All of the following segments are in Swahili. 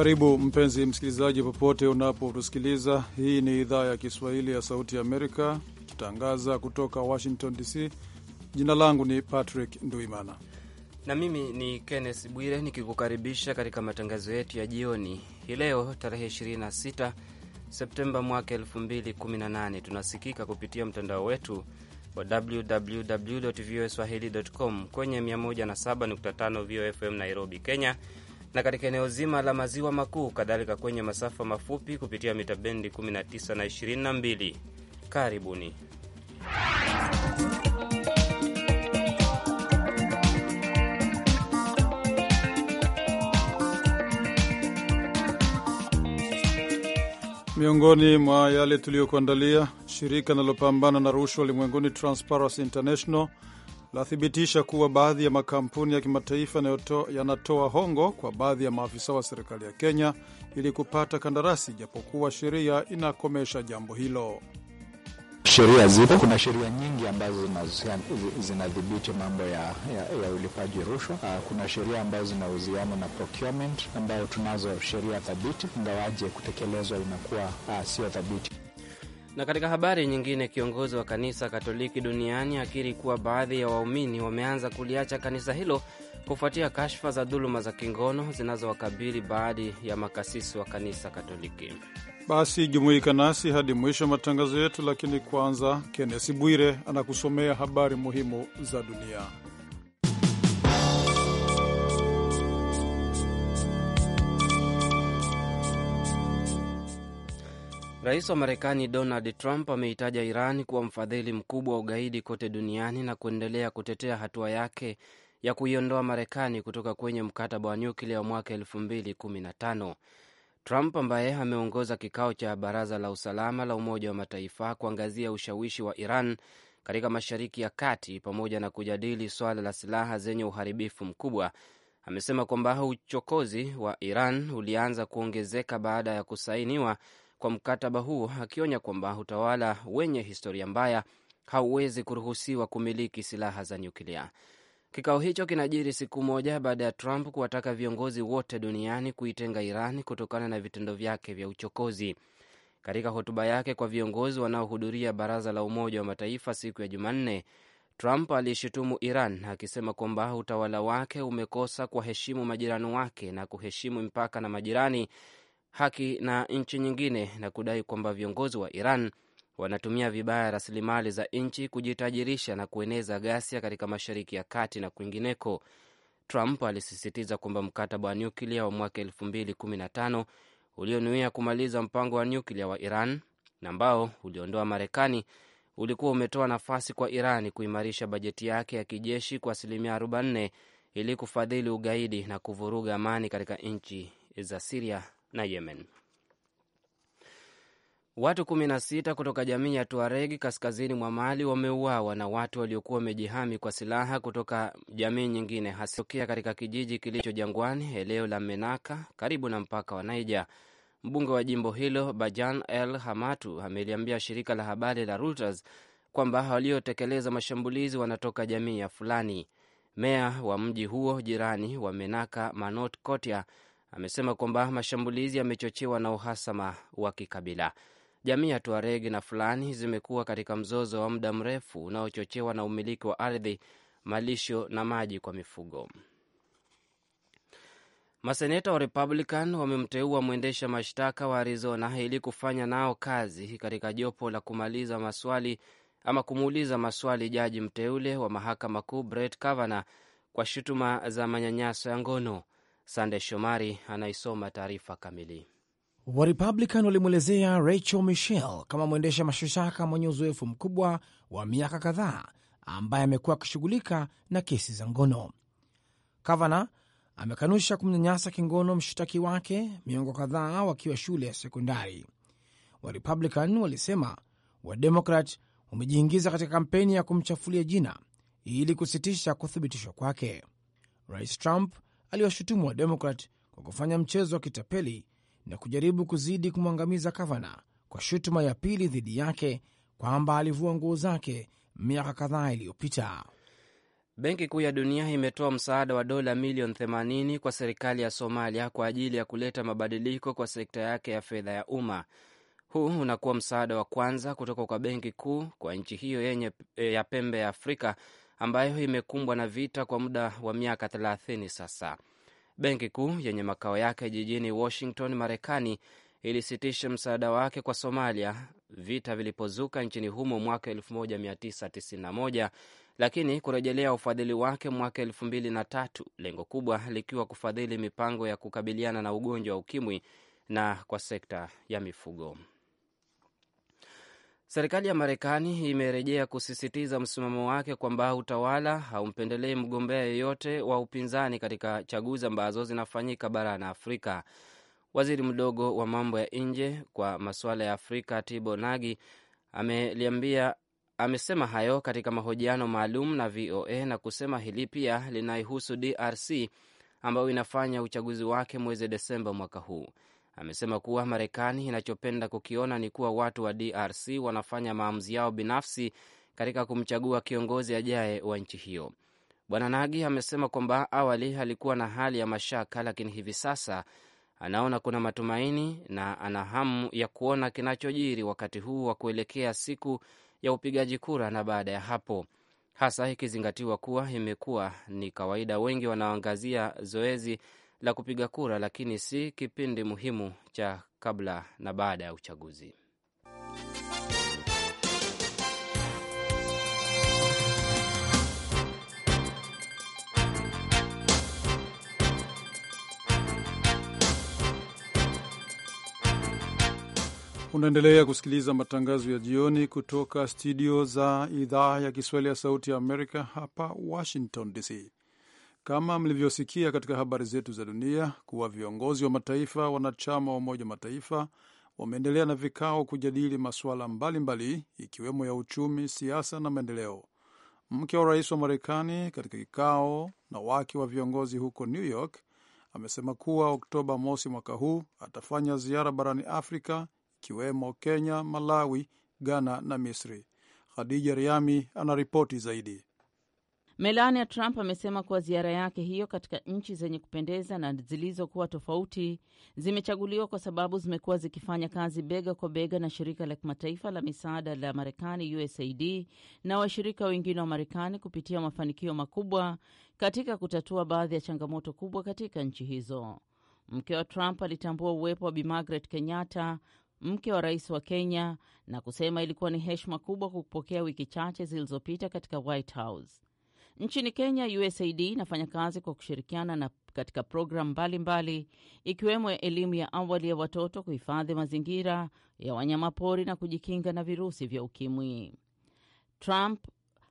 Karibu mpenzi msikilizaji, popote unapotusikiliza. Hii ni idhaa ya Kiswahili ya Sauti ya Amerika, tutangaza kutoka Washington DC. Jina langu ni Patrick Nduimana na mimi ni Kenneth Bwire nikikukaribisha katika matangazo yetu ya jioni hii leo tarehe 26 Septemba mwaka 2018. Tunasikika kupitia mtandao wetu wa www voa swahili com kwenye 107.5 vofm FM Nairobi, Kenya na katika eneo zima la maziwa makuu, kadhalika kwenye masafa mafupi kupitia mita bendi 19 na 22. Karibuni. Miongoni mwa yale tuliyokuandalia, shirika linalopambana na rushwa ulimwenguni Transparency International lathibitisha kuwa baadhi ya makampuni ya kimataifa yanatoa hongo kwa baadhi ya maafisa wa serikali ya Kenya ili kupata kandarasi, japokuwa sheria inakomesha jambo hilo. Sheria zipo, kuna sheria nyingi ambazo zinadhibiti mambo ya, ya, ya ulipaji rushwa. Ah, kuna sheria ambazo uhusiano na procurement, ambayo tunazo sheria thabiti, ingawaje kutekelezwa inakuwa ah, sio thabiti. Na katika habari nyingine, kiongozi wa kanisa Katoliki duniani akiri kuwa baadhi ya waumini wameanza kuliacha kanisa hilo kufuatia kashfa za dhuluma za kingono zinazowakabili baadhi ya makasisi wa kanisa Katoliki. Basi jumuika nasi hadi mwisho wa matangazo yetu, lakini kwanza, Kennesi Bwire anakusomea habari muhimu za dunia. Rais wa Marekani Donald Trump ameitaja Iran kuwa mfadhili mkubwa wa ugaidi kote duniani na kuendelea kutetea hatua yake ya kuiondoa Marekani kutoka kwenye mkataba wa nyuklia wa mwaka 2015. Trump ambaye ameongoza kikao cha Baraza la Usalama la Umoja wa Mataifa kuangazia ushawishi wa Iran katika Mashariki ya Kati pamoja na kujadili swala la silaha zenye uharibifu mkubwa, amesema kwamba uchokozi wa Iran ulianza kuongezeka baada ya kusainiwa kwa mkataba huo, akionya kwamba utawala wenye historia mbaya hauwezi kuruhusiwa kumiliki silaha za nyuklia. Kikao hicho kinajiri siku moja baada ya Trump kuwataka viongozi wote duniani kuitenga Iran kutokana na vitendo vyake vya uchokozi. Katika hotuba yake kwa viongozi wanaohudhuria baraza la Umoja wa Mataifa siku ya Jumanne, Trump alishutumu Iran akisema kwamba utawala wake umekosa kuwaheshimu majirani wake na kuheshimu mpaka na majirani haki na nchi nyingine na kudai kwamba viongozi wa Iran wanatumia vibaya rasilimali za nchi kujitajirisha na kueneza ghasia katika Mashariki ya Kati na kwingineko. Trump alisisitiza kwamba mkataba wa nyuklia wa mwaka 2015 ulionuia kumaliza mpango wa nyuklia wa Iran na ambao uliondoa Marekani ulikuwa umetoa nafasi kwa iran kuimarisha bajeti yake ya kijeshi kwa asilimia 4 ili kufadhili ugaidi na kuvuruga amani katika nchi za Siria na Yemen. Watu 16 kutoka jamii ya Tuareg kaskazini mwa Mali wameuawa na watu waliokuwa wamejihami kwa silaha kutoka jamii nyingine hasitokea katika kijiji kilicho jangwani, eneo la Menaka karibu na mpaka wa Niger. Mbunge wa jimbo hilo Bajan El Hamatu ameliambia shirika la habari la Reuters kwamba waliotekeleza mashambulizi wanatoka jamii ya Fulani. Meya wa mji huo jirani wa Menaka Manot Kotia amesema kwamba mashambulizi yamechochewa na uhasama wa kikabila. Jamii ya Tuaregi na Fulani zimekuwa katika mzozo wa muda mrefu unaochochewa na umiliki wa ardhi, malisho na maji kwa mifugo. Maseneta wa Republican wamemteua mwendesha mashtaka wa Arizona ili kufanya nao kazi katika jopo la kumaliza maswali ama kumuuliza maswali jaji mteule wa mahakama kuu Brett Kavanaugh kwa shutuma za manyanyaso ya ngono. Sande Shomari anaisoma taarifa kamili. Warepublican walimwelezea Rachel michel kama mwendesha mashitaka mwenye uzoefu mkubwa wa miaka kadhaa ambaye amekuwa akishughulika na kesi za ngono. Kavana amekanusha kumnyanyasa kingono mshtaki wake miongo kadhaa wakiwa shule ya sekondari. Warepublican walisema Wademokrat wamejiingiza katika kampeni ya kumchafulia jina ili kusitisha kuthibitishwa kwake. Rais Trump aliwashutumu wa Demokrat kwa kufanya mchezo wa kitapeli na kujaribu kuzidi kumwangamiza Kavana kwa shutuma ya pili dhidi yake kwamba alivua nguo zake miaka kadhaa iliyopita. Benki Kuu ya Dunia imetoa msaada wa dola milioni 80 kwa serikali ya Somalia kwa ajili ya kuleta mabadiliko kwa sekta yake ya fedha ya umma. Huu unakuwa msaada wa kwanza kutoka kwa benki kuu kwa nchi hiyo yenye ya pembe ya Afrika ambayo imekumbwa na vita kwa muda wa miaka 30 sasa. Benki kuu yenye makao yake jijini Washington, Marekani, ilisitisha msaada wake kwa Somalia vita vilipozuka nchini humo mwaka 1991 lakini kurejelea ufadhili wake mwaka 2003, lengo kubwa likiwa kufadhili mipango ya kukabiliana na ugonjwa wa ukimwi na kwa sekta ya mifugo. Serikali ya Marekani imerejea kusisitiza msimamo wake kwamba utawala haumpendelei mgombea yeyote wa upinzani katika chaguzi ambazo zinafanyika barani Afrika. Waziri mdogo wa mambo ya nje kwa masuala ya Afrika Tibo Nagi ameliambia amesema hayo katika mahojiano maalum na VOA na kusema hili pia linaihusu DRC ambayo inafanya uchaguzi wake mwezi Desemba mwaka huu amesema kuwa Marekani inachopenda kukiona ni kuwa watu wa DRC wanafanya maamuzi yao binafsi katika kumchagua kiongozi ajaye wa nchi hiyo. Bwana Nagi amesema kwamba awali alikuwa na hali ya mashaka, lakini hivi sasa anaona kuna matumaini na ana hamu ya kuona kinachojiri wakati huu wa kuelekea siku ya upigaji kura na baada ya hapo, hasa ikizingatiwa kuwa imekuwa ni kawaida wengi wanaoangazia zoezi la kupiga kura, lakini si kipindi muhimu cha kabla na baada ya uchaguzi. Unaendelea kusikiliza matangazo ya jioni kutoka studio za idhaa ya Kiswahili ya Sauti ya Amerika hapa Washington DC. Kama mlivyosikia katika habari zetu za dunia kuwa viongozi wa mataifa wanachama wa Umoja wa Mataifa wameendelea na vikao kujadili masuala mbalimbali ikiwemo ya uchumi, siasa na maendeleo. Mke wa rais wa Marekani katika kikao na wake wa viongozi huko New York amesema kuwa Oktoba mosi mwaka huu atafanya ziara barani Afrika ikiwemo Kenya, Malawi, Ghana na Misri. Khadija Riami anaripoti zaidi. Melania Trump amesema kuwa ziara yake hiyo katika nchi zenye kupendeza na zilizokuwa tofauti zimechaguliwa kwa sababu zimekuwa zikifanya kazi bega kwa bega na shirika la kimataifa la misaada la Marekani USAID na washirika wengine wa Marekani kupitia mafanikio makubwa katika kutatua baadhi ya changamoto kubwa katika nchi hizo. Mke wa Trump alitambua uwepo wa Bi Margaret Kenyatta mke wa rais wa Kenya na kusema ilikuwa ni heshima kubwa kupokea wiki chache zilizopita katika White House. Nchini Kenya, USAID inafanya kazi kwa kushirikiana na katika programu mbalimbali ikiwemo ya elimu ya awali ya watoto, kuhifadhi mazingira ya wanyamapori na kujikinga na virusi vya ukimwi. Trump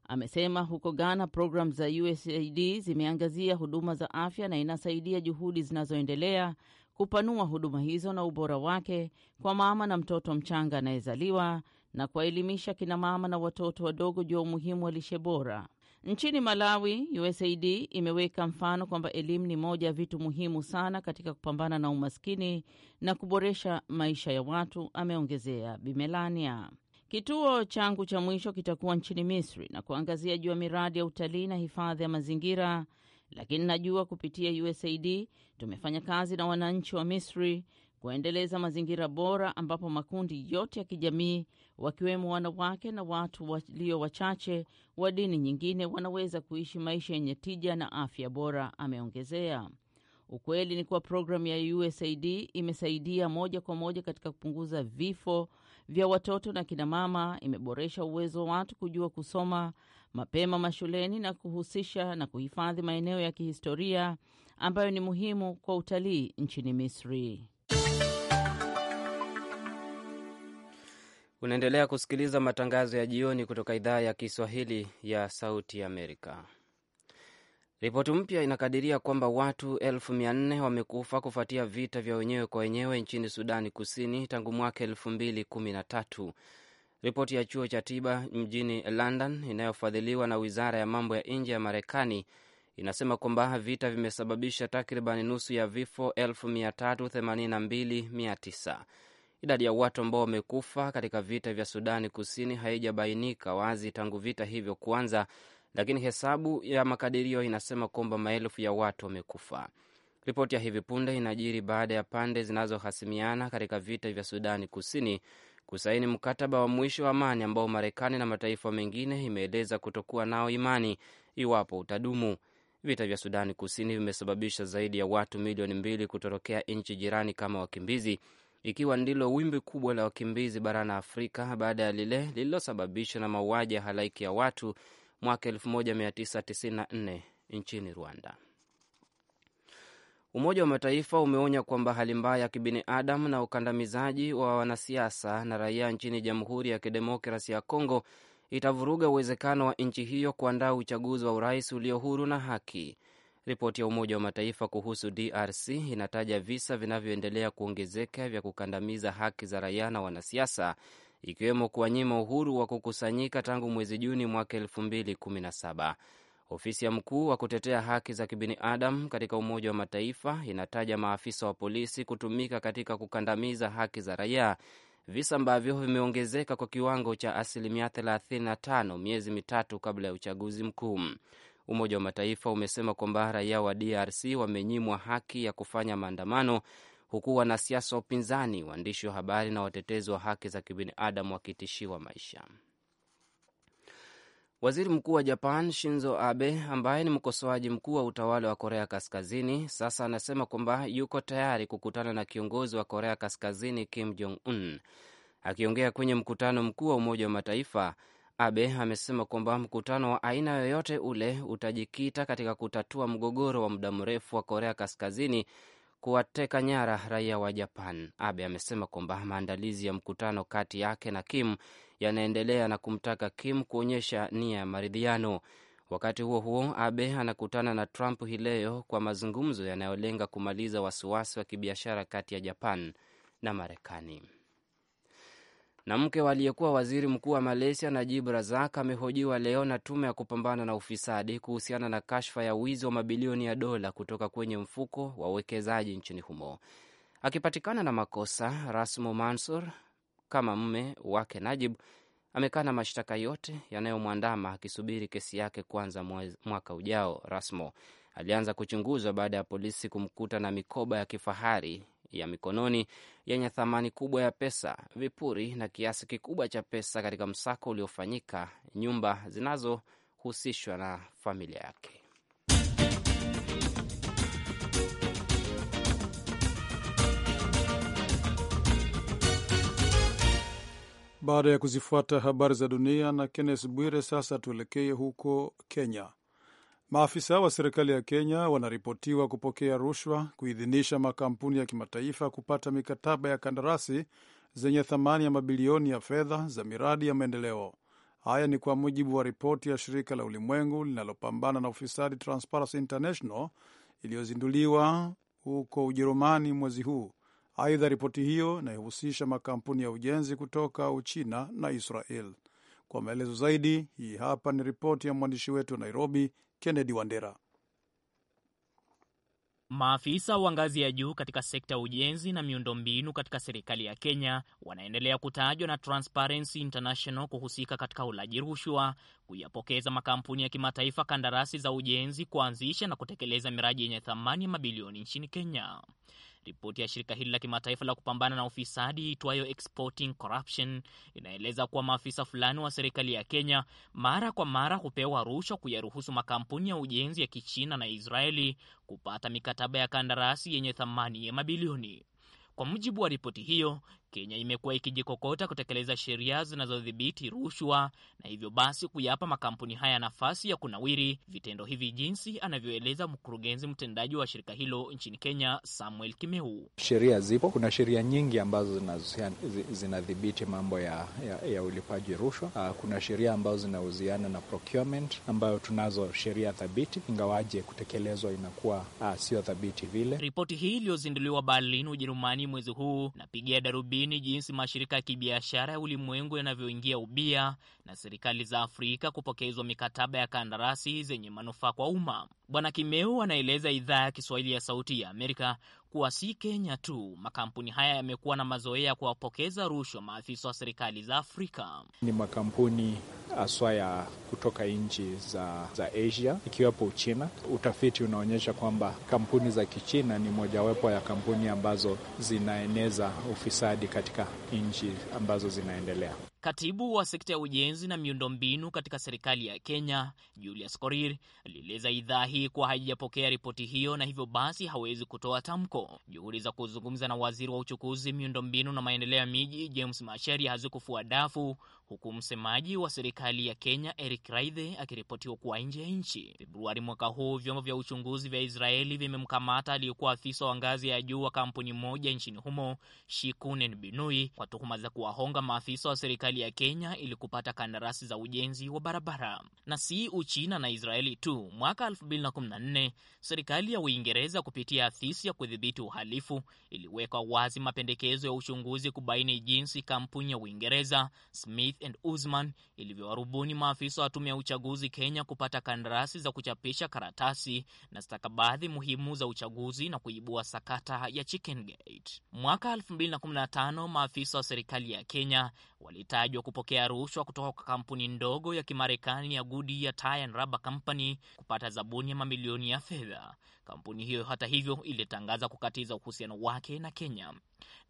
amesema huko Ghana programu za USAID zimeangazia huduma za afya na inasaidia juhudi zinazoendelea kupanua huduma hizo na ubora wake kwa mama na mtoto mchanga anayezaliwa na kuwaelimisha kinamama na watoto wadogo juu ya umuhimu wa lishe bora. Nchini Malawi, USAID imeweka mfano kwamba elimu ni moja ya vitu muhimu sana katika kupambana na umaskini na kuboresha maisha ya watu, ameongezea Bimelania. Kituo changu cha mwisho kitakuwa nchini Misri na kuangazia juu ya miradi ya utalii na hifadhi ya mazingira, lakini najua kupitia USAID tumefanya kazi na wananchi wa Misri kuendeleza mazingira bora ambapo makundi yote ya kijamii wakiwemo wanawake na watu walio wachache wa dini nyingine wanaweza kuishi maisha yenye tija na afya bora, ameongezea. Ukweli ni kuwa programu ya USAID imesaidia moja kwa moja katika kupunguza vifo vya watoto na kinamama, imeboresha uwezo wa watu kujua kusoma mapema mashuleni na kuhusisha na kuhifadhi maeneo ya kihistoria ambayo ni muhimu kwa utalii nchini Misri. Unaendelea kusikiliza matangazo ya jioni kutoka idhaa ya Kiswahili ya Sauti Amerika. Ripoti mpya inakadiria kwamba watu elfu mia nne wamekufa kufuatia vita vya wenyewe kwa wenyewe nchini Sudani Kusini tangu mwaka elfu mbili kumi na tatu. Ripoti ya chuo cha tiba mjini London inayofadhiliwa na wizara ya mambo ya nje ya Marekani inasema kwamba vita vimesababisha takribani nusu ya vifo elfu mia tatu themanini na mbili mia tisa Idadi ya watu ambao wamekufa katika vita vya Sudani Kusini haijabainika wazi tangu vita hivyo kuanza, lakini hesabu ya makadirio inasema kwamba maelfu ya watu wamekufa. Ripoti ya hivi punde inajiri baada ya pande zinazohasimiana katika vita vya Sudani Kusini kusaini mkataba wa mwisho wa amani ambao Marekani na mataifa mengine imeeleza kutokuwa nao imani iwapo utadumu. Vita vya Sudani Kusini vimesababisha zaidi ya watu milioni mbili kutorokea nchi jirani kama wakimbizi ikiwa ndilo wimbi kubwa la wakimbizi barani Afrika baada ya lile lililosababishwa na mauaji ya halaiki ya watu mwaka 1994 nchini Rwanda. Umoja wa Mataifa umeonya kwamba hali mbaya ya kibinadamu na ukandamizaji wa wanasiasa na raia nchini Jamhuri ya Kidemokrasi ya Kongo itavuruga uwezekano wa nchi hiyo kuandaa uchaguzi wa urais ulio huru na haki. Ripoti ya Umoja wa Mataifa kuhusu DRC inataja visa vinavyoendelea kuongezeka vya kukandamiza haki za raia na wanasiasa, ikiwemo kuwanyima uhuru wa kukusanyika tangu mwezi Juni mwaka elfu Ofisi ya mkuu wa kutetea haki za kibinadamu katika Umoja wa Mataifa inataja maafisa wa polisi kutumika katika kukandamiza haki za raia, visa ambavyo vimeongezeka kwa kiwango cha asilimia 35 miezi mitatu kabla ya uchaguzi mkuu. Umoja wa Mataifa umesema kwamba raia wa DRC wamenyimwa haki ya kufanya maandamano, huku wanasiasa wa upinzani, waandishi wa habari na watetezi wa haki za kibinadamu wakitishiwa maisha. Waziri mkuu wa Japan Shinzo Abe, ambaye ni mkosoaji mkuu wa utawala wa Korea Kaskazini, sasa anasema kwamba yuko tayari kukutana na kiongozi wa Korea Kaskazini Kim Jong Un. Akiongea kwenye mkutano mkuu wa Umoja wa Mataifa, Abe amesema kwamba mkutano wa aina yoyote ule utajikita katika kutatua mgogoro wa muda mrefu wa Korea Kaskazini kuwateka nyara raia wa Japan. Abe amesema kwamba maandalizi ya mkutano kati yake na Kim yanaendelea na kumtaka Kim kuonyesha nia ya maridhiano. Wakati huo huo, Abe anakutana na Trump hii leo kwa mazungumzo yanayolenga kumaliza wasiwasi wa kibiashara kati ya Japan na Marekani na mke wa aliyekuwa waziri mkuu wa Malaysia Najib Razak amehojiwa leo na tume ya kupambana na ufisadi kuhusiana na kashfa ya wizi wa mabilioni ya dola kutoka kwenye mfuko wa uwekezaji nchini humo. Akipatikana na makosa, Rasmu Mansur kama mme wake Najib amekana mashtaka yote yanayomwandama akisubiri kesi yake kwanza mwaka ujao. Rasmo alianza kuchunguzwa baada ya polisi kumkuta na mikoba ya kifahari ya mikononi yenye thamani kubwa ya pesa, vipuri na kiasi kikubwa cha pesa katika msako uliofanyika nyumba zinazohusishwa na familia yake. Baada ya kuzifuata habari za dunia na Kennes Bwire, sasa tuelekee huko Kenya. Maafisa wa serikali ya Kenya wanaripotiwa kupokea rushwa kuidhinisha makampuni ya kimataifa kupata mikataba ya kandarasi zenye thamani ya mabilioni ya fedha za miradi ya maendeleo. Haya ni kwa mujibu wa ripoti ya shirika la ulimwengu linalopambana na ufisadi Transparency International iliyozinduliwa huko Ujerumani mwezi huu. Aidha, ripoti hiyo inayohusisha makampuni ya ujenzi kutoka Uchina na Israel. Kwa maelezo zaidi, hii hapa ni ripoti ya mwandishi wetu wa Nairobi, Kennedy Wandera. Maafisa wa ngazi ya juu katika sekta ya ujenzi na miundombinu katika serikali ya Kenya wanaendelea kutajwa na Transparency International kuhusika katika ulaji rushwa, kuyapokeza makampuni ya kimataifa kandarasi za ujenzi, kuanzisha na kutekeleza miradi yenye thamani ya mabilioni nchini Kenya. Ripoti ya shirika hili la kimataifa la kupambana na ufisadi itwayo Exporting Corruption inaeleza kuwa maafisa fulani wa serikali ya Kenya mara kwa mara hupewa rushwa kuyaruhusu makampuni ya ujenzi ya Kichina na Israeli kupata mikataba ya kandarasi yenye thamani ya mabilioni. Kwa mujibu wa ripoti hiyo, Kenya imekuwa ikijikokota kutekeleza sheria zinazodhibiti rushwa na hivyo basi kuyapa makampuni haya nafasi ya kunawiri vitendo hivi, jinsi anavyoeleza mkurugenzi mtendaji wa shirika hilo nchini Kenya, Samuel Kimeu. Sheria zipo, kuna sheria nyingi ambazo zinadhibiti mambo ya, ya, ya ulipaji rushwa. Ah, kuna sheria ambazo zinahusiana na procurement, ambayo tunazo sheria thabiti, ingawaje kutekelezwa inakuwa ah, sio thabiti vile. Ripoti hii iliyozinduliwa Berlin, Ujerumani mwezi huu napigia darubi ni jinsi mashirika ya kibiashara ya ulimwengu yanavyoingia ubia na serikali za Afrika kupokezwa mikataba ya kandarasi zenye manufaa kwa umma. Bwana Kimeu anaeleza idhaa ya Kiswahili ya Sauti ya Amerika kuwa si Kenya tu, makampuni haya yamekuwa na mazoea ya kuwapokeza rushwa maafisa wa serikali za Afrika. Ni makampuni haswa ya kutoka nchi za, za Asia ikiwepo Uchina. Utafiti unaonyesha kwamba kampuni za Kichina ni mojawapo ya kampuni ambazo zinaeneza ufisadi katika nchi ambazo zinaendelea. Katibu wa sekta ya ujenzi na miundombinu katika serikali ya Kenya, Julius Korir, alieleza idhaa hii kuwa haijapokea ripoti hiyo na hivyo basi hawezi kutoa tamko. Juhudi za kuzungumza na waziri wa uchukuzi, miundombinu na maendeleo ya miji, James Macharia, hazikufua dafu huku msemaji wa serikali ya Kenya Eric raidhe akiripotiwa kuwa nje ya nchi. Februari mwaka huu, vyombo vya uchunguzi vya Israeli vimemkamata aliyekuwa afisa wa ngazi ya juu wa kampuni moja nchini humo Shikunen Binui kwa tuhuma za kuwahonga maafisa wa serikali ya Kenya ili kupata kandarasi za ujenzi wa barabara. Na si Uchina na Israeli tu, mwaka 2014 serikali ya Uingereza kupitia afisi ya kudhibiti uhalifu iliweka wazi mapendekezo ya uchunguzi kubaini jinsi kampuni ya Uingereza Smith and Usman ilivyowarubuni maafisa wa tume ya uchaguzi Kenya kupata kandarasi za kuchapisha karatasi na stakabadhi muhimu za uchaguzi na kuibua sakata ya Chicken Gate. Mwaka 2015 maafisa wa serikali ya Kenya walitajwa kupokea rushwa kutoka kwa kampuni ndogo ya Kimarekani ya Goodyear Tire and Rubber Company kupata zabuni ya mamilioni ya fedha. Kampuni hiyo hata hivyo ilitangaza kukatiza uhusiano wake na Kenya.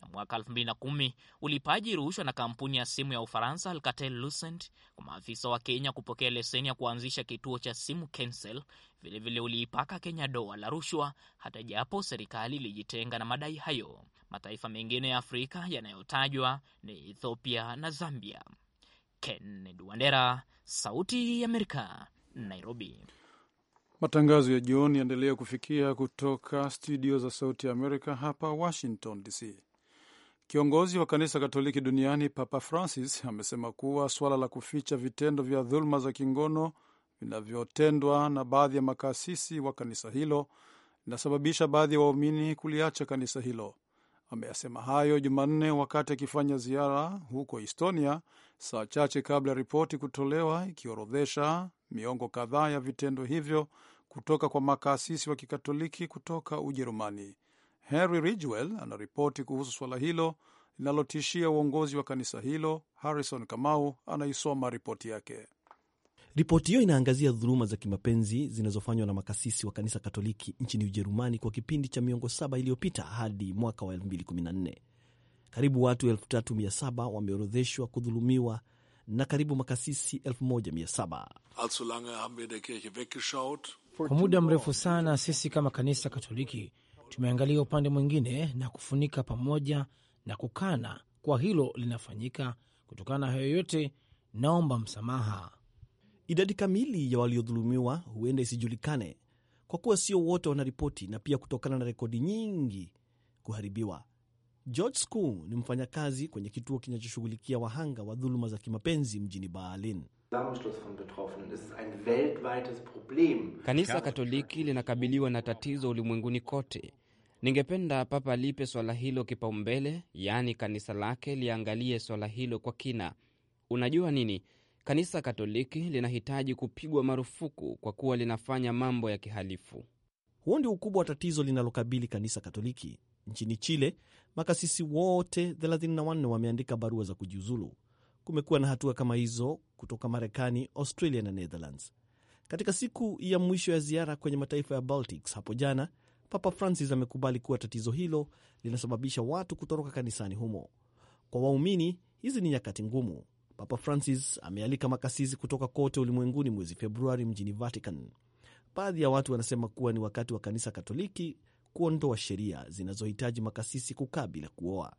Na mwaka 2010 ulipaji rushwa na kampuni ya simu ya Ufaransa Alcatel Lucent kwa maafisa wa Kenya kupokea leseni ya kuanzisha kituo cha simu Kensel. Vilevile uliipaka Kenya doa la rushwa, hata japo serikali ilijitenga na madai hayo. Mataifa mengine ya Afrika yanayotajwa ni Ethiopia na Zambia. Kennedy Wandera, Sauti ya Amerika, Nairobi. Matangazo ya jioni yaendelea kufikia kutoka studio za Sauti ya Amerika hapa Washington DC. Kiongozi wa kanisa Katoliki duniani Papa Francis amesema kuwa suala la kuficha vitendo vya dhuluma za kingono vinavyotendwa na baadhi ya makasisi wa kanisa hilo linasababisha baadhi ya wa waumini kuliacha kanisa hilo. Ameyasema hayo Jumanne wakati akifanya ziara huko Estonia, saa chache kabla ya ripoti kutolewa ikiorodhesha miongo kadhaa ya vitendo hivyo kutoka kwa makasisi wa Kikatoliki kutoka Ujerumani. Henry Ridgwell anaripoti kuhusu suala hilo linalotishia uongozi wa kanisa hilo. Harrison Kamau anaisoma ripoti yake. Ripoti hiyo inaangazia dhuluma za kimapenzi zinazofanywa na makasisi wa kanisa Katoliki nchini Ujerumani kwa kipindi cha miongo saba iliyopita hadi mwaka wa 2014. Karibu watu 3700 wameorodheshwa kudhulumiwa na karibu makasisi 1700. Kwa muda mrefu sana, sisi kama kanisa Katoliki tumeangalia upande mwingine na kufunika pamoja na kukana kwa hilo linafanyika. Kutokana na hayo yote, naomba msamaha. Idadi kamili ya waliodhulumiwa huenda isijulikane kwa kuwa sio wote wanaripoti na pia kutokana na rekodi nyingi kuharibiwa. George School ni mfanyakazi kwenye kituo kinachoshughulikia wahanga wa dhuluma za kimapenzi mjini Berlin. Kanisa Katoliki linakabiliwa na tatizo ulimwenguni kote. Ningependa Papa lipe swala hilo kipaumbele, yaani kanisa lake liangalie swala hilo kwa kina. Unajua nini, Kanisa Katoliki linahitaji kupigwa marufuku kwa kuwa linafanya mambo ya kihalifu. Huo ndio ukubwa wa tatizo linalokabili kanisa Katoliki nchini Chile. Makasisi wote 34 wameandika barua za kujiuzulu. Kumekuwa na hatua kama hizo kutoka Marekani, Australia na Netherlands. Katika siku ya mwisho ya ziara kwenye mataifa ya Baltics hapo jana, Papa Francis amekubali kuwa tatizo hilo linasababisha watu kutoroka kanisani humo. Kwa waumini, hizi ni nyakati ngumu, Papa Francis amealika makasisi kutoka kote ulimwenguni mwezi Februari mjini Vatican. Baadhi ya watu wanasema kuwa ni wakati wa kanisa Katoliki kuondoa sheria zinazohitaji makasisi kukaa bila kuoa.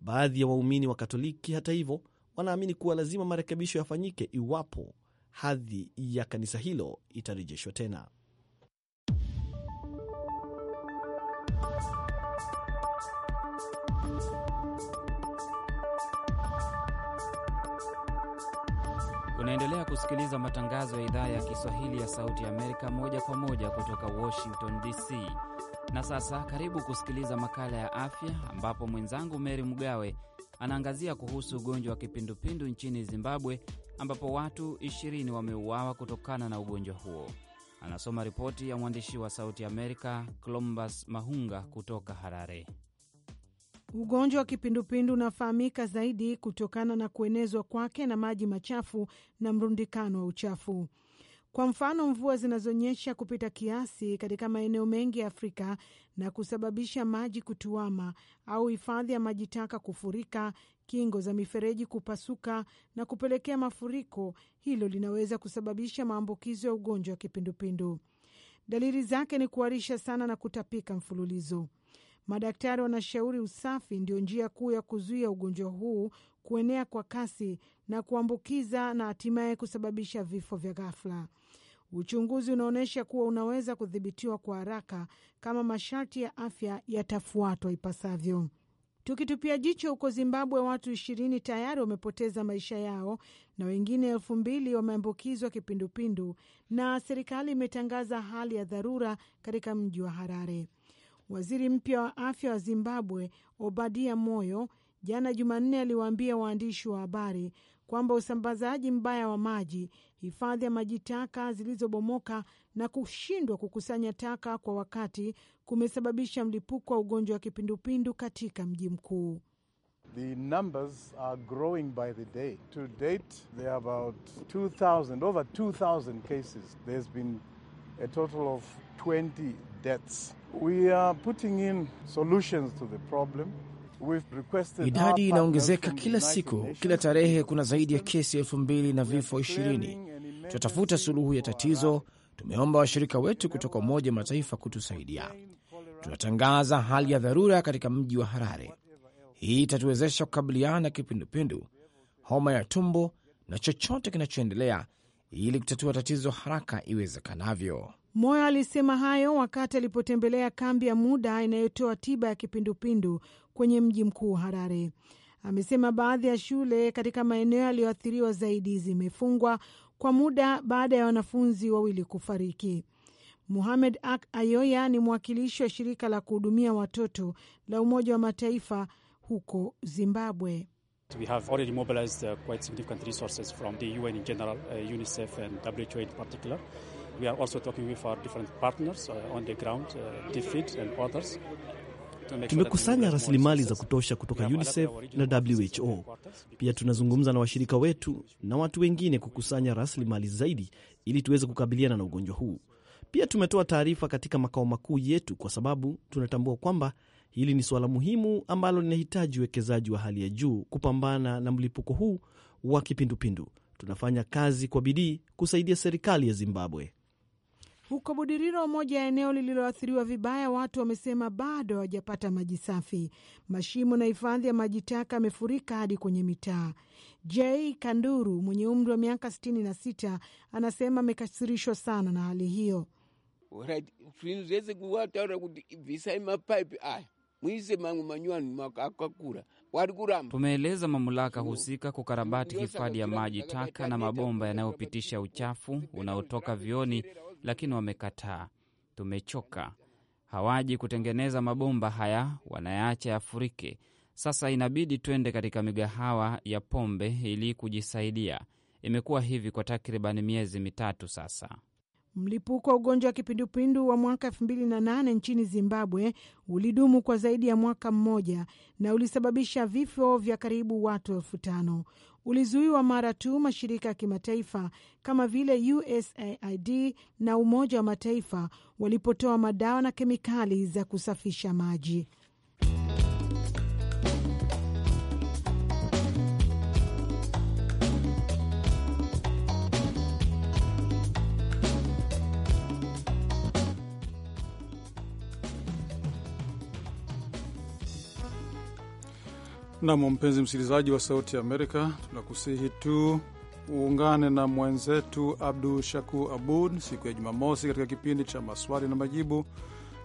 Baadhi ya waumini wa Katoliki, hata hivyo, wanaamini kuwa lazima marekebisho yafanyike iwapo hadhi ya kanisa hilo itarejeshwa tena. Unaendelea kusikiliza matangazo ya idhaa ya Kiswahili ya Sauti ya Amerika moja kwa moja kutoka Washington DC. Na sasa karibu kusikiliza makala ya afya, ambapo mwenzangu Meri Mgawe anaangazia kuhusu ugonjwa wa kipindupindu nchini Zimbabwe, ambapo watu 20 wameuawa kutokana na ugonjwa huo. Anasoma ripoti ya mwandishi wa Sauti Amerika Columbus Mahunga kutoka Harare. Ugonjwa wa kipindupindu unafahamika zaidi kutokana na kuenezwa kwake na maji machafu na mrundikano wa uchafu. Kwa mfano, mvua zinazonyesha kupita kiasi katika maeneo mengi ya Afrika na kusababisha maji kutuama au hifadhi ya maji taka kufurika, kingo za mifereji kupasuka na kupelekea mafuriko, hilo linaweza kusababisha maambukizo ya ugonjwa wa kipindupindu. Dalili zake ni kuharisha sana na kutapika mfululizo. Madaktari wanashauri usafi ndio njia kuu ya kuzuia ugonjwa huu kuenea kwa kasi na kuambukiza na hatimaye kusababisha vifo vya ghafla. Uchunguzi unaonyesha kuwa unaweza kudhibitiwa kwa haraka kama masharti ya afya yatafuatwa ipasavyo. Tukitupia jicho huko Zimbabwe, watu ishirini tayari wamepoteza maisha yao na wengine elfu mbili wameambukizwa kipindupindu, na serikali imetangaza hali ya dharura katika mji wa Harare. Waziri mpya wa afya wa Zimbabwe, Obadia Moyo, jana Jumanne, aliwaambia waandishi wa habari kwamba usambazaji mbaya wa maji, hifadhi ya maji taka zilizobomoka na kushindwa kukusanya taka kwa wakati kumesababisha mlipuko wa ugonjwa wa kipindupindu katika mji mkuu. The numbers are growing by the day. To date, there are about 2,000, over 2,000 cases. There's been a total of 20 deaths. We are putting in solutions to the problem. Idadi inaongezeka kila siku, kila tarehe kuna zaidi ya kesi elfu mbili na vifo ishirini. Tunatafuta suluhu ya tatizo. Tumeomba washirika wetu kutoka Umoja wa Mataifa kutusaidia. Tunatangaza hali ya dharura katika mji wa Harare. Hii itatuwezesha kukabiliana na kipindupindu, homa ya tumbo na chochote kinachoendelea, ili kutatua tatizo haraka iwezekanavyo. Moyo alisema hayo wakati alipotembelea kambi ya muda inayotoa tiba ya kipindupindu kwenye mji mkuu Harare. Amesema baadhi ya shule katika maeneo yaliyoathiriwa zaidi zimefungwa kwa muda baada ya wanafunzi wawili kufariki. Muhamed Ak Ayoya ni mwakilishi wa shirika la kuhudumia watoto la Umoja wa Mataifa huko Zimbabwe. We have already mobilized uh, quite significant resources from the UN in general, uh, UNICEF and WHO in particular we are also talking with our different partners uh, on the ground, uh, DFID and others. Tumekusanya rasilimali za kutosha kutoka UNICEF na WHO. Pia tunazungumza na washirika wetu na watu wengine kukusanya rasilimali zaidi ili tuweze kukabiliana na ugonjwa huu. Pia tumetoa taarifa katika makao makuu yetu kwa sababu tunatambua kwamba hili ni suala muhimu ambalo linahitaji uwekezaji wa hali ya juu kupambana na mlipuko huu wa kipindupindu. Tunafanya kazi kwa bidii kusaidia serikali ya Zimbabwe. Huko Budiriro, moja ya eneo lililoathiriwa vibaya, watu wamesema bado hawajapata maji safi. Mashimo na hifadhi ya maji taka yamefurika hadi kwenye mitaa. J Kanduru mwenye umri wa miaka 66 anasema amekasirishwa sana na hali hiyo. Tumeeleza mamlaka husika kukarabati hifadhi ya maji taka na mabomba yanayopitisha uchafu unaotoka vioni lakini wamekataa. Tumechoka, hawaji kutengeneza mabomba haya, wanayaacha yafurike. Sasa inabidi twende katika migahawa ya pombe ili kujisaidia. Imekuwa hivi kwa takribani miezi mitatu sasa. Mlipuko wa ugonjwa wa kipindupindu wa mwaka 2008 nchini Zimbabwe ulidumu kwa zaidi ya mwaka mmoja na ulisababisha vifo vya karibu watu elfu tano. Ulizuiwa mara tu mashirika ya kimataifa kama vile USAID na Umoja wa Mataifa walipotoa madawa na kemikali za kusafisha maji. Nam, mpenzi msikilizaji wa Sauti ya Amerika, tunakusihi tu uungane na mwenzetu Abdu Shakur Abud siku ya Jumamosi katika kipindi cha maswali na majibu,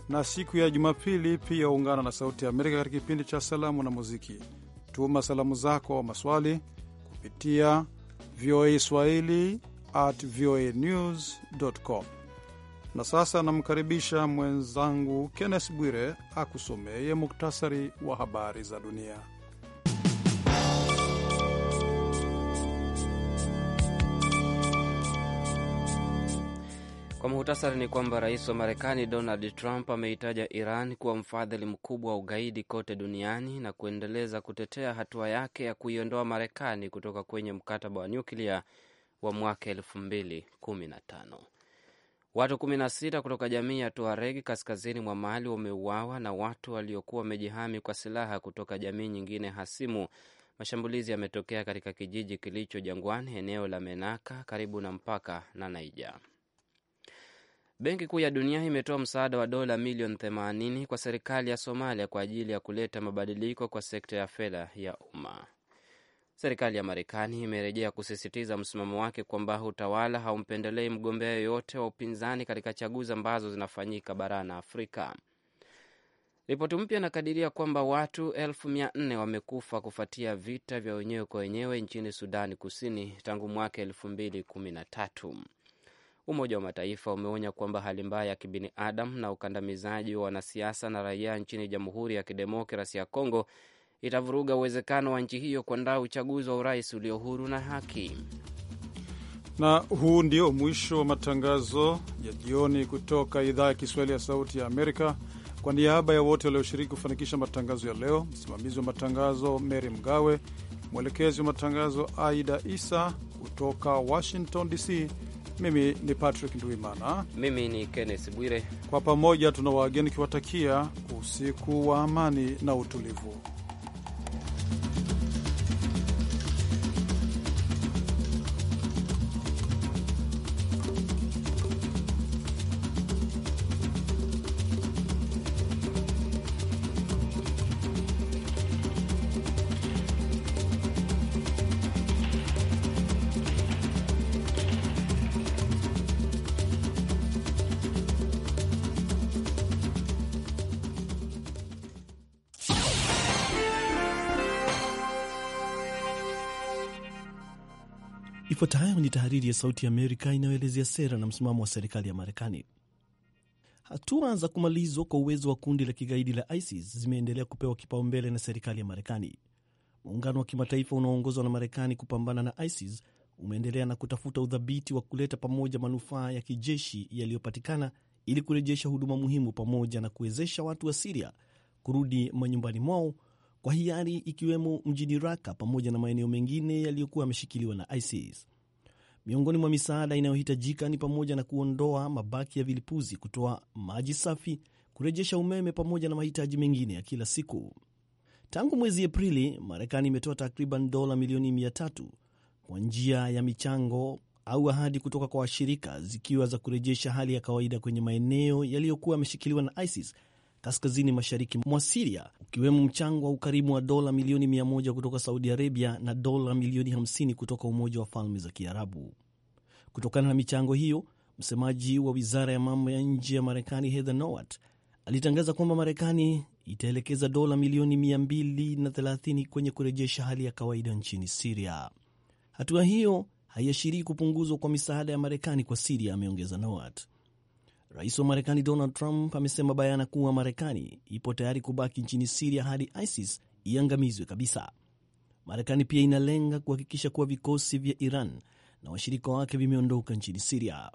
na siku ya Jumapili pia uungana na Sauti ya Amerika katika kipindi cha salamu na muziki. Tuma salamu zako wa maswali kupitia VOA Swahili at VOA news com. Na sasa namkaribisha mwenzangu Kennes Bwire akusomeye muktasari wa habari za dunia. Kwa muhtasari ni kwamba rais wa Marekani Donald Trump ameitaja Iran kuwa mfadhili mkubwa wa ugaidi kote duniani na kuendeleza kutetea hatua yake ya kuiondoa Marekani kutoka kwenye mkataba wa nyuklia wa mwaka 2015. Watu 16 kutoka jamii ya Tuareg kaskazini mwa Mali wameuawa na watu waliokuwa wamejihami kwa silaha kutoka jamii nyingine hasimu. Mashambulizi yametokea katika kijiji kilicho jangwani, eneo la Menaka karibu na mpaka na Naija. Benki Kuu ya Dunia imetoa msaada wa dola milioni 80 kwa serikali ya Somalia kwa ajili ya kuleta mabadiliko kwa sekta ya fedha ya umma. Serikali ya Marekani imerejea kusisitiza msimamo wake kwamba utawala haumpendelei mgombea yoyote wa upinzani katika chaguzi ambazo zinafanyika barani Afrika. Ripoti mpya inakadiria kwamba watu elfu mia nne wamekufa kufuatia vita vya wenyewe kwa wenyewe nchini Sudani Kusini tangu mwaka elfu mbili kumi na tatu. Umoja wa Mataifa umeonya kwamba hali mbaya ya kibinadamu na ukandamizaji wa wanasiasa na raia nchini Jamhuri ya Kidemokrasi ya Kongo itavuruga uwezekano wa nchi hiyo kuandaa uchaguzi wa urais ulio huru na haki. Na huu ndio mwisho wa matangazo ya jioni kutoka idhaa ya Kiswahili ya Sauti ya Amerika. Kwa niaba ya wote walioshiriki kufanikisha matangazo ya leo, msimamizi wa matangazo Mary Mgawe, mwelekezi wa matangazo Aida Isa kutoka Washington DC. Mimi ni Patrick Ndwimana, mimi ni Kenneth Bwire. Kwa pamoja tuna wageni kiwatakia usiku wa amani na utulivu. ya Sauti ya Amerika inayoelezea sera na msimamo wa serikali ya Marekani. Hatua za kumalizwa kwa uwezo wa kundi la kigaidi la ISIS zimeendelea kupewa kipaumbele na serikali ya Marekani. Muungano wa kimataifa unaoongozwa na Marekani kupambana na ISIS umeendelea na kutafuta udhabiti wa kuleta pamoja manufaa ya kijeshi yaliyopatikana ili kurejesha huduma muhimu pamoja na kuwezesha watu wa Siria kurudi manyumbani mwao kwa hiari, ikiwemo mjini Raka pamoja na maeneo mengine yaliyokuwa yameshikiliwa na ISIS. Miongoni mwa misaada inayohitajika ni pamoja na kuondoa mabaki ya vilipuzi, kutoa maji safi, kurejesha umeme pamoja na mahitaji mengine ya kila siku. Tangu mwezi Aprili, Marekani imetoa takriban dola milioni tatu kwa njia ya michango au ahadi kutoka kwa washirika, zikiwa za kurejesha hali ya kawaida kwenye maeneo yaliyokuwa yameshikiliwa na ISIS kaskazini mashariki mwa Siria, ukiwemo mchango wa ukarimu wa dola milioni 100 kutoka Saudi Arabia na dola milioni 50 kutoka Umoja wa Falme za Kiarabu. Kutokana na michango hiyo, msemaji wa wizara ya mambo ya nje ya Marekani Heather Nauert alitangaza kwamba Marekani itaelekeza dola milioni 230 kwenye kurejesha hali ya kawaida nchini Siria. Hatua hiyo haiashirii kupunguzwa kwa misaada ya Marekani kwa Siria, ameongeza Nauert. Rais wa Marekani Donald Trump amesema bayana kuwa Marekani ipo tayari kubaki nchini Siria hadi ISIS iangamizwe kabisa. Marekani pia inalenga kuhakikisha kuwa vikosi vya Iran na washirika wake vimeondoka nchini Siria.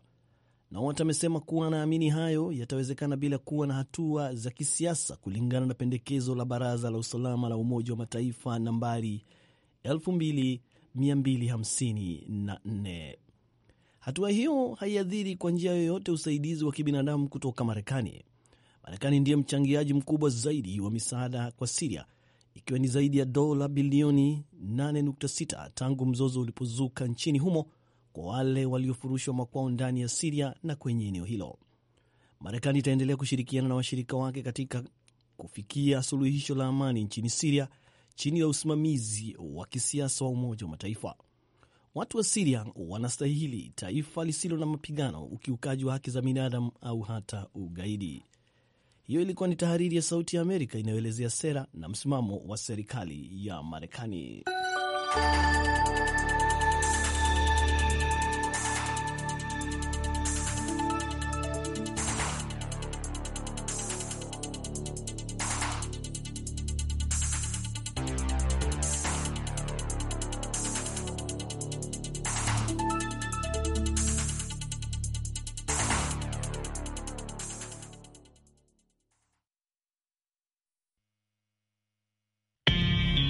Nawat amesema kuwa anaamini hayo yatawezekana bila kuwa na hatua za kisiasa, kulingana na pendekezo la Baraza la Usalama la Umoja wa Mataifa nambari 2254. Hatua hiyo haiathiri kwa njia yoyote usaidizi wa kibinadamu kutoka Marekani. Marekani ndiye mchangiaji mkubwa zaidi wa misaada kwa Siria, ikiwa ni zaidi ya dola bilioni 8.6 tangu mzozo ulipozuka nchini humo kwa wale waliofurushwa makwao ndani ya Siria na kwenye eneo hilo. Marekani itaendelea kushirikiana na washirika wake katika kufikia suluhisho la amani nchini Siria chini ya usimamizi wa kisiasa wa Umoja wa Mataifa. Watu wa Siria wanastahili taifa lisilo na mapigano, ukiukaji wa haki za binadamu au hata ugaidi. Hiyo ilikuwa ni tahariri ya Sauti ya Amerika inayoelezea sera na msimamo wa serikali ya Marekani.